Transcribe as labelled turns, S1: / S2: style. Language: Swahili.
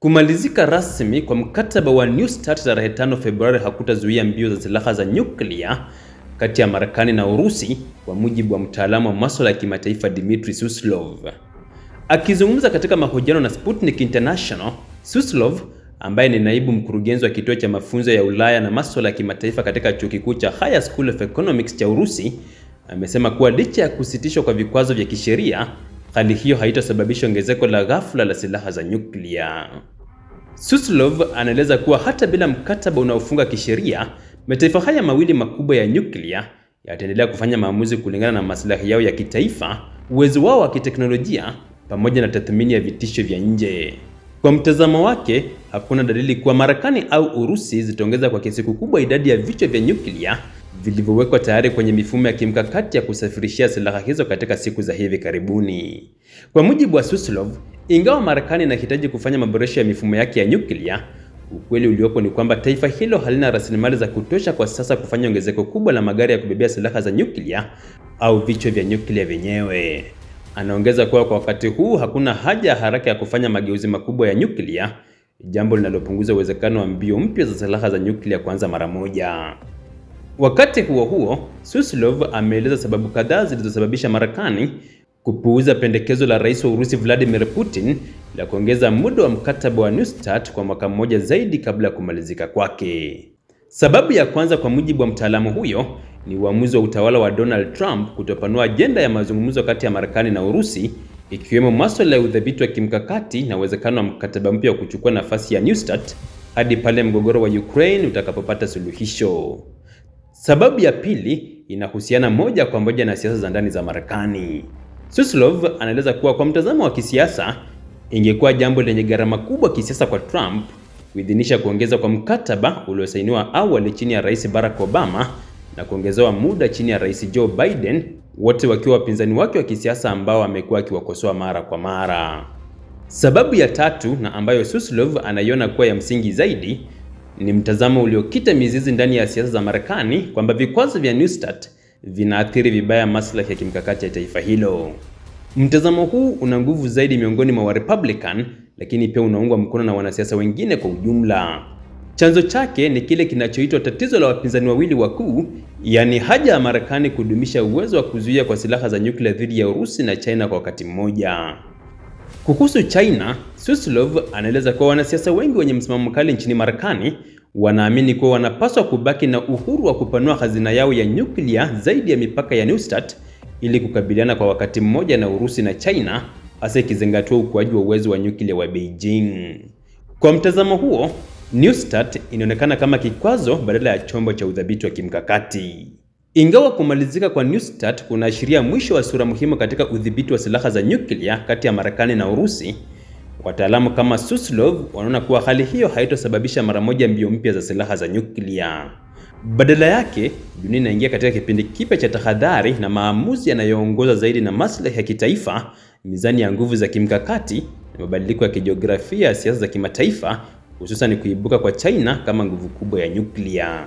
S1: Kumalizika rasmi kwa mkataba wa New START tarehe 5 Februari hakutazuia mbio za silaha za nyuklia kati ya Marekani na Urusi, kwa mujibu wa mtaalamu wa masuala ya kimataifa Dmitry Suslov. Akizungumza katika mahojiano na Sputnik International, Suslov ambaye ni naibu mkurugenzi wa kituo cha mafunzo ya Ulaya na masuala ya kimataifa katika chuo kikuu cha Higher School of Economics cha Urusi amesema kuwa licha ya kusitishwa kwa vikwazo vya kisheria hali hiyo haitasababisha ongezeko la ghafla la silaha za nyuklia. Suslov anaeleza kuwa hata bila mkataba unaofunga kisheria, mataifa haya mawili makubwa ya nyuklia yataendelea kufanya maamuzi kulingana na maslahi yao ya kitaifa, uwezo wao wa kiteknolojia, pamoja na tathmini ya vitisho vya nje. Kwa mtazamo wake, hakuna dalili kuwa Marekani au Urusi zitaongeza kwa kiasi kikubwa idadi ya vichwa vya nyuklia vilivyowekwa tayari kwenye mifumo ya kimkakati ya kusafirishia silaha hizo katika siku za hivi karibuni. Kwa mujibu wa Suslov, ingawa Marekani inahitaji kufanya maboresho ya mifumo yake ya nyuklia, ukweli uliopo ni kwamba taifa hilo halina rasilimali za kutosha kwa sasa kufanya ongezeko kubwa la magari ya kubebea silaha za nyuklia au vichwa vya nyuklia vyenyewe. Anaongeza kuwa kwa wakati huu hakuna haja ya haraka ya kufanya mageuzi makubwa ya nyuklia, jambo linalopunguza uwezekano wa mbio mpya za silaha za nyuklia kuanza mara moja. Wakati huo huo, Suslov ameeleza sababu kadhaa zilizosababisha Marekani kupuuza pendekezo la Rais wa Urusi Vladimir Putin la kuongeza muda wa mkataba wa New START kwa mwaka mmoja zaidi kabla ya kumalizika kwake. Sababu ya kwanza, kwa mujibu wa mtaalamu huyo, ni uamuzi wa utawala wa Donald Trump kutopanua ajenda ya mazungumzo kati ya Marekani na Urusi, ikiwemo masuala ya udhibiti wa kimkakati na uwezekano wa mkataba mpya wa kuchukua nafasi ya New START hadi pale mgogoro wa Ukraine utakapopata suluhisho. Sababu ya pili inahusiana moja kwa moja na siasa za ndani za Marekani. Suslov anaeleza kuwa kwa mtazamo wa kisiasa, ingekuwa jambo lenye gharama kubwa kisiasa kwa Trump kuidhinisha kuongeza kwa mkataba uliosainiwa awali chini ya Rais Barack Obama na kuongezewa muda chini ya Rais Joe Biden, wote wakiwa wapinzani wake wa kisiasa ambao amekuwa akiwakosoa mara kwa mara. Sababu ya tatu na ambayo Suslov anaiona kuwa ya msingi zaidi ni mtazamo uliokita mizizi ndani ya siasa za Marekani kwamba vikwazo vya New START vinaathiri vibaya maslahi ya kimkakati ya taifa hilo. Mtazamo huu una nguvu zaidi miongoni mwa Warepublican, lakini pia unaungwa mkono na wanasiasa wengine kwa ujumla. Chanzo chake ni kile kinachoitwa tatizo la wapinzani wawili wakuu, yaani haja ya Marekani kudumisha uwezo wa kuzuia kwa silaha za nyuklia dhidi ya Urusi na China kwa wakati mmoja. Kuhusu China, Suslov anaeleza kuwa wanasiasa wengi wenye msimamo mkali nchini Marekani wanaamini kuwa wanapaswa kubaki na uhuru wa kupanua hazina yao ya nyuklia zaidi ya mipaka ya START ili kukabiliana kwa wakati mmoja na Urusi na China, hasa ikizingatiwa ukuaji wa uwezo wa nyuklia wa Beijing. Kwa mtazamo huo, START inaonekana kama kikwazo badala ya chombo cha udhibiti wa kimkakati. Ingawa kumalizika kwa Newstat kunaashiria mwisho wa sura muhimu katika udhibiti wa silaha za nyuklia kati ya Marekani na Urusi, wataalamu kama Suslov wanaona kuwa hali hiyo haitosababisha mara moja mbio mpya za silaha za nyuklia. Badala yake, dunia inaingia katika kipindi kipya cha tahadhari na maamuzi yanayoongoza zaidi na maslahi ya kitaifa, mizani ya nguvu za kimkakati na mabadiliko ya kijiografia ya siasa za kimataifa, hususan kuibuka kwa China kama nguvu kubwa ya nyuklia.